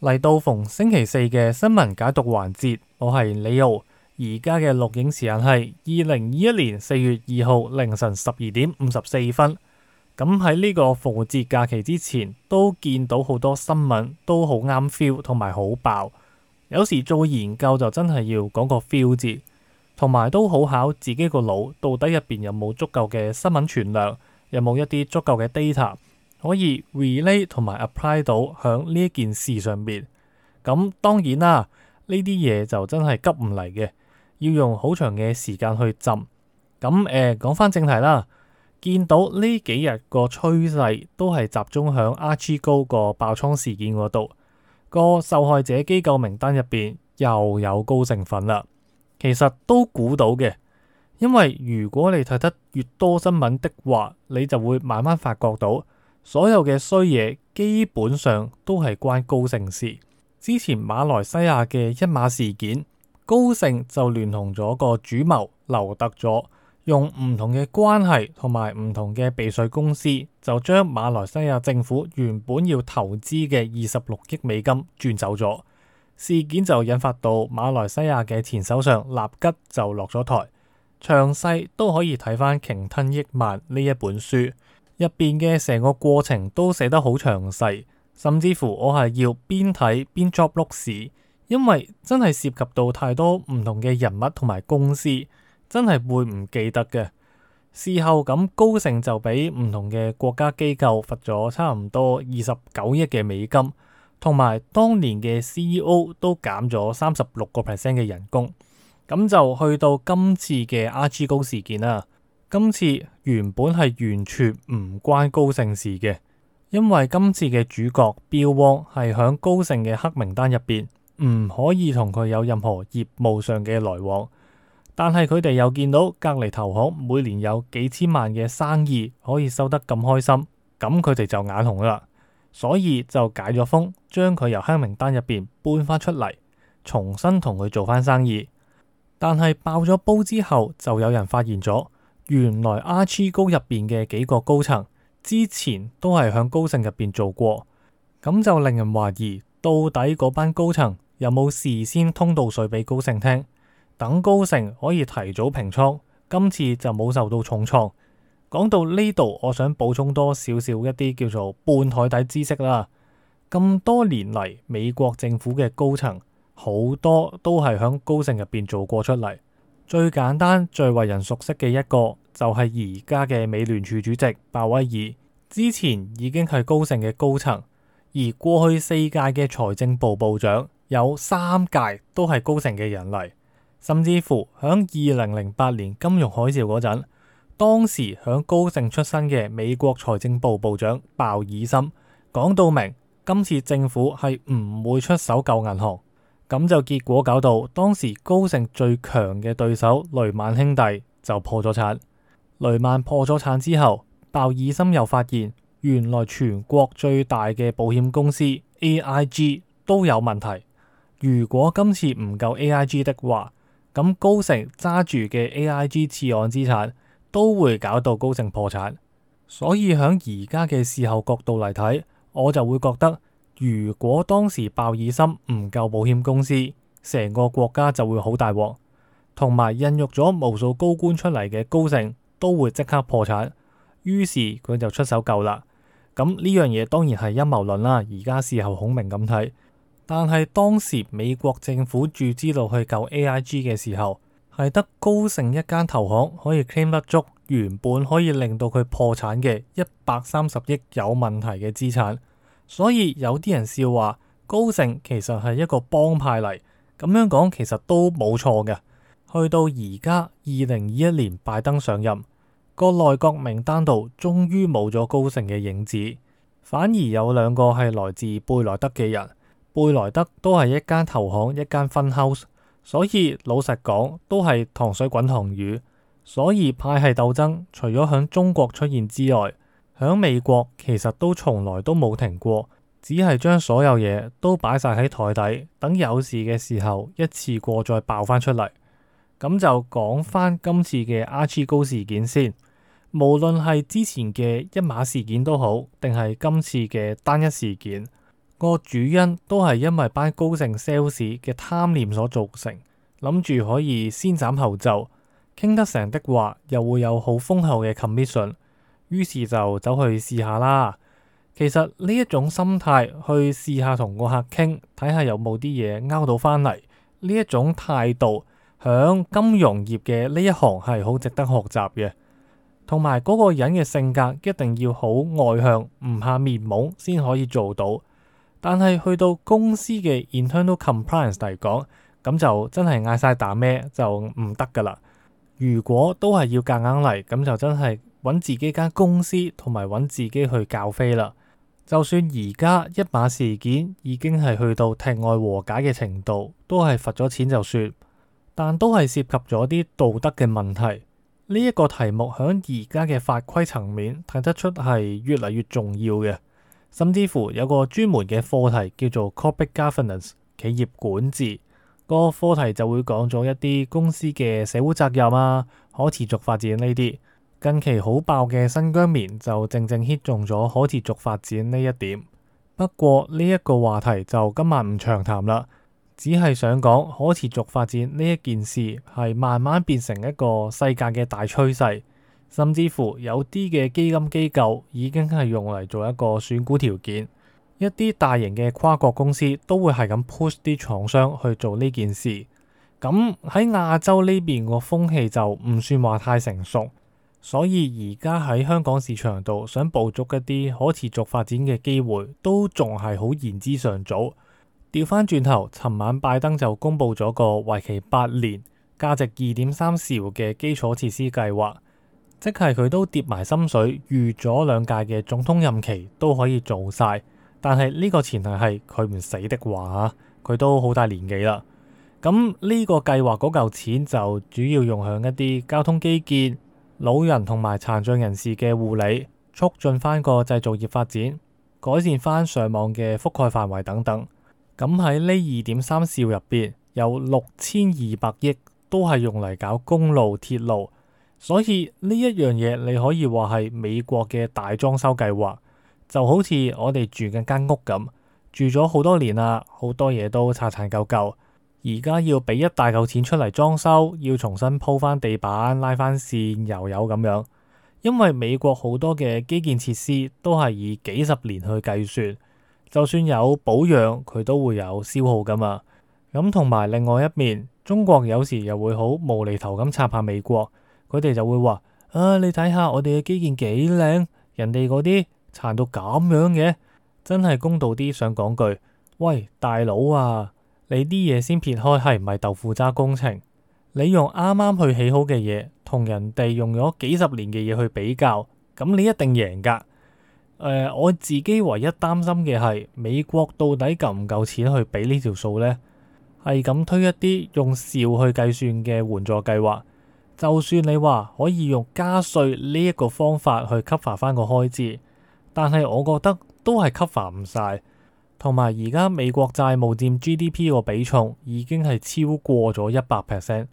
嚟到逢星期四嘅新聞解讀環節，我係李奧。而家嘅錄影時間係二零二一年四月二號凌晨十二點五十四分。咁喺呢個復活節假期之前，都見到好多新聞，都好啱 feel，同埋好爆。有時做研究就真係要講個 feel 字，同埋都好考自己個腦，到底入邊有冇足夠嘅新聞存量，有冇一啲足夠嘅 data。可以 relate 同埋 apply 到喺呢一件事上面。咁當然啦，呢啲嘢就真係急唔嚟嘅，要用好長嘅時間去浸。咁誒，講、呃、翻正題啦，見到呢幾日個趨勢都係集中喺 R G 高個爆倉事件嗰度，個受害者機構名單入邊又有高成分啦。其實都估到嘅，因為如果你睇得越多新聞的話，你就會慢慢發覺到。所有嘅衰嘢基本上都係關高盛事。之前馬來西亞嘅一馬事件，高盛就聯同咗個主謀劉特佐，用唔同嘅關係同埋唔同嘅避稅公司，就將馬來西亞政府原本要投資嘅二十六億美金轉走咗。事件就引發到馬來西亞嘅前首相納吉就落咗台。詳細都可以睇翻《鯨吞億萬》呢一本書。入邊嘅成個過程都寫得好詳細，甚至乎我係要邊睇邊捉碌屎，因為真係涉及到太多唔同嘅人物同埋公司，真係會唔記得嘅。事後咁，高盛就俾唔同嘅國家機構罰咗差唔多二十九億嘅美金，同埋當年嘅 C E O 都減咗三十六個 percent 嘅人工。咁就去到今次嘅 Archegos 事件啦。今次，原本係完全唔關高盛事嘅，因為今次嘅主角 Bill Hwang 係響高盛嘅黑名單入邊，唔可以同佢有任何業務上嘅來往。但係佢哋又見到隔籬投行每年有幾千萬嘅生意可以收得咁開心，咁佢哋就眼紅啦，所以就解咗封，將佢由黑名單入邊搬翻出嚟，重新同佢做翻生意。但係爆咗煲之後，就有人發現咗。原來 RAG 高入邊嘅幾個高層之前都係響高盛入邊做過，咁就令人懷疑到底嗰班高層有冇事先通道水俾高盛聽，等高盛可以提早平倉，今次就冇受到重創。講到呢度，我想補充多少少一啲叫做半海底知識啦。咁多年嚟，美國政府嘅高層好多都係響高盛入邊做過出嚟。最簡單、最為人熟悉嘅一個，就係而家嘅美聯儲主席鮑威爾，之前已經係高盛嘅高層。而過去四屆嘅財政部部長，有三屆都係高盛嘅人嚟。甚至乎響二零零八年金融海嘯嗰陣，當時響高盛出身嘅美國財政部部長鮑爾森，講到明今次政府係唔會出手救銀行。咁就結果搞到當時高盛最強嘅對手雷曼兄弟就破咗產，雷曼破咗產之後，鮑爾森又發現原來全國最大嘅保險公司 AIG 都有問題。如果今次唔夠 AIG 的話，咁高盛揸住嘅 AIG 次按資產都會搞到高盛破產。所以響而家嘅事後角度嚟睇，我就會覺得。如果當時鮑爾森唔救保險公司，成個國家就會好大鑊，同埋孕育咗無數高官出嚟嘅高盛都會即刻破產。於是佢就出手救啦。咁呢樣嘢當然係陰謀論啦。而家事後孔明咁睇，但係當時美國政府注資到去救 AIG 嘅時候，係得高盛一間投行可以 claim 得足原本可以令到佢破產嘅一百三十億有問題嘅資產。所以有啲人笑話高盛其實係一個幫派嚟，咁樣講其實都冇錯嘅。去到而家二零二一年拜登上任，個內閣名單度終於冇咗高盛嘅影子，反而有兩個係來自貝萊德嘅人。貝萊德都係一間投行，一間 fund house，所以老實講都係糖水滾糖魚。所以派系鬥爭除咗響中國出現之外。喺美國其實都從來都冇停過，只係將所有嘢都擺晒喺台底，等有事嘅時候一次過再爆翻出嚟。咁就講翻今次嘅 Archegos 事件先。無論係之前嘅一馬事件都好，定係今次嘅單一事件，個主因都係因為班高盛 sales 嘅貪念所造成，諗住可以先斬後奏，傾得成的話又會有好豐厚嘅 commission。於是就走去試下啦。其實呢一種心態去試下同個客傾，睇下有冇啲嘢勾到翻嚟，呢一種態度響金融業嘅呢一行係好值得學習嘅。同埋嗰個人嘅性格一定要好外向，唔怕面懵先可以做到。但係去到公司嘅 internal compliance 嚟講，咁就真係嗌晒打咩就唔得噶啦。如果都係要夾硬嚟，咁就真係～揾自己間公司，同埋揾自己去教飛啦。就算而家一把事件已經係去到庭外和解嘅程度，都係罰咗錢就算，但都係涉及咗啲道德嘅問題。呢、這、一個題目響而家嘅法規層面睇得出係越嚟越重要嘅，甚至乎有個專門嘅課題叫做 Corporate Governance 企業管治。個課題就會講咗一啲公司嘅社會責任啊，可持續發展呢啲。近期好爆嘅新疆棉就正正 hit 中咗可持續發展呢一點。不過呢一個話題就今晚唔長談啦，只係想講可持續發展呢一件事係慢慢變成一個世界嘅大趨勢，甚至乎有啲嘅基金機構已經係用嚟做一個選股條件，一啲大型嘅跨國公司都會係咁 push 啲廠商去做呢件事。咁喺亞洲呢邊個風氣就唔算話太成熟。所以而家喺香港市場度想捕捉一啲可持續發展嘅機會，都仲係好言之尚早。調翻轉頭，尋晚拜登就公布咗個為期八年、價值二點三兆嘅基礎設施計劃，即係佢都疊埋心水，預咗兩屆嘅總統任期都可以做晒。但係呢個前提係佢唔死的話，佢都好大年紀啦。咁呢個計劃嗰嚿錢就主要用向一啲交通基建。老人同埋殘障人士嘅護理，促進翻個製造業發展，改善翻上網嘅覆蓋範圍等等。咁喺呢二點三兆入邊，有六千二百億都係用嚟搞公路、鐵路。所以呢一樣嘢，你可以話係美國嘅大裝修計劃，就好似我哋住緊間屋咁，住咗好多年啦，好多嘢都殘殘舊舊。而家要俾一大嚿錢出嚟裝修，要重新鋪翻地板、拉翻線、又有咁樣。因為美國好多嘅基建設施都係以幾十年去計算，就算有保養，佢都會有消耗噶嘛。咁同埋另外一面，中國有時又會好無厘頭咁插下美國，佢哋就會話：，啊，你睇下我哋嘅基建幾靚，人哋嗰啲殘到咁樣嘅，真係公道啲想講句，喂大佬啊！你啲嘢先撇開，係唔係豆腐渣工程？你用啱啱去起好嘅嘢，同人哋用咗幾十年嘅嘢去比較，咁你一定贏噶。誒、呃，我自己唯一擔心嘅係，美國到底夠唔夠錢去俾呢條數呢？係咁推一啲用兆去計算嘅援助計劃，就算你話可以用加稅呢一個方法去 cover 翻個開支，但係我覺得都係 cover 唔晒。同埋而家美國債務占 GDP 個比重已經係超過咗一百 percent，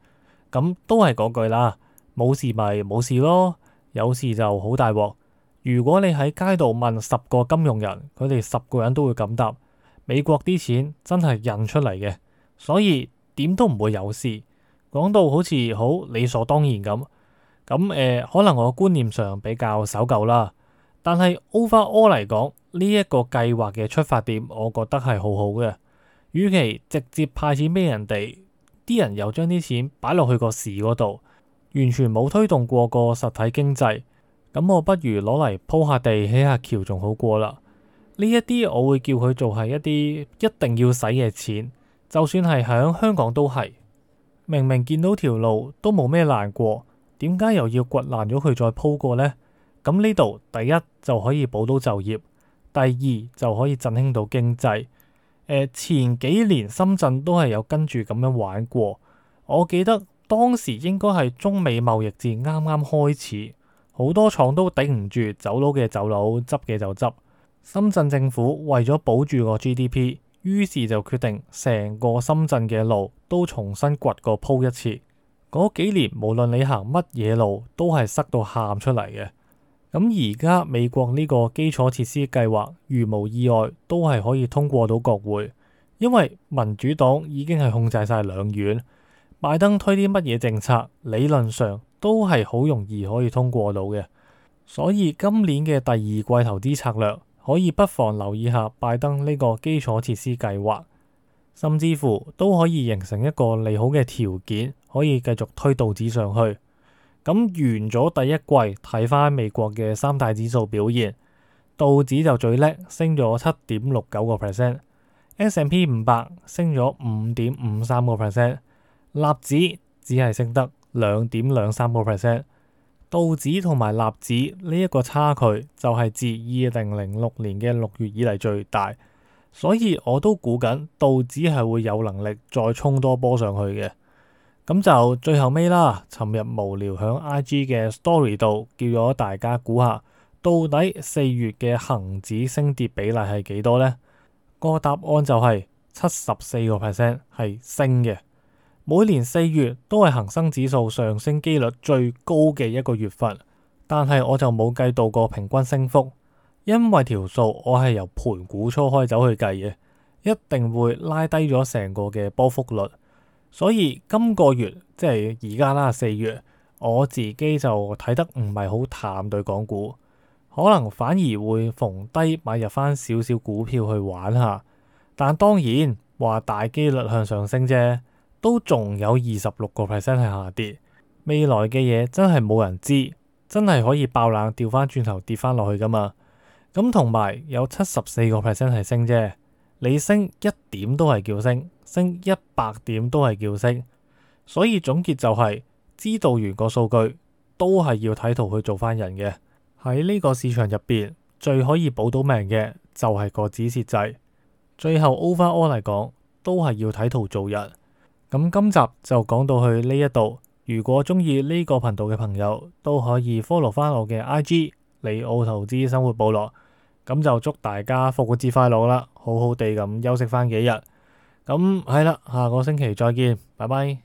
咁都係嗰句啦，冇事咪冇事咯，有事就好大鑊。如果你喺街度問十個金融人，佢哋十個人都會咁答：美國啲錢真係印出嚟嘅，所以點都唔會有事。講到好似好理所當然咁。咁誒、呃，可能我觀念上比較守舊啦，但係 overall 嚟講。呢一個計劃嘅出發點，我覺得係好好嘅。與其直接派錢俾人哋，啲人又將啲錢擺落去個市嗰度，完全冇推動過個實體經濟，咁我不如攞嚟鋪下地、起下橋，仲好過啦。呢一啲我會叫佢做係一啲一定要使嘅錢，就算係喺香港都係。明明見到條路都冇咩難過，點解又要掘爛咗佢再鋪過呢？咁呢度第一就可以補到就業。第二就可以振興到經濟。呃，前幾年深圳都係有跟住咁樣玩過。我記得當時應該係中美貿易戰啱啱開始，好多廠都頂唔住，走佬嘅走佬，執嘅就執。深圳政府為咗保住個 GDP，於是就決定成個深圳嘅路都重新掘過鋪一次。嗰幾年無論你行乜嘢路都係塞到喊出嚟嘅。咁而家美國呢個基礎設施計劃如無意外都係可以通過到國會，因為民主黨已經係控制晒兩院。拜登推啲乜嘢政策，理論上都係好容易可以通過到嘅。所以今年嘅第二季投資策略，可以不妨留意下拜登呢個基礎設施計劃，甚至乎都可以形成一個利好嘅條件，可以繼續推道指上去。咁完咗第一季，睇翻美國嘅三大指數表現，道指就最叻，升咗七點六九個 percent，S&P 五百升咗五點五三個 percent，納指只係升得兩點兩三個 percent，道指同埋納指呢一個差距就係自二零零六年嘅六月以嚟最大，所以我都估緊道指係會有能力再衝多波上去嘅。咁就最後尾啦。尋日無聊響 IG 嘅 story 度叫咗大家估下，到底四月嘅恒指升跌比例係幾多呢？個答案就係七十四個 percent 係升嘅。每年四月都係恒生指數上升幾率最高嘅一個月份，但係我就冇計到過平均升幅，因為條數我係由盤古初開走去計嘅，一定會拉低咗成個嘅波幅率。所以今個月即係而家啦，四月我自己就睇得唔係好淡，對港股，可能反而會逢低買入翻少少股票去玩下。但當然話大幾率向上升啫，都仲有二十六個 percent 係下跌。未來嘅嘢真係冇人知，真係可以爆冷掉翻轉頭跌翻落去噶嘛。咁同埋有七十四個 percent 係升啫。你升一點都係叫升，升一百點都係叫升，所以總結就係、是、知道完個數據都係要睇圖去做翻人嘅。喺呢個市場入邊最可以保到命嘅就係個止蝕掣。最後 over all 嚟講都係要睇圖做人。咁今集就講到去呢一度。如果中意呢個頻道嘅朋友都可以 follow 翻我嘅 I G 李奧投資生活部落。咁就祝大家復活節快樂啦！好好地咁休息翻幾日，咁係啦，下個星期再見，拜拜。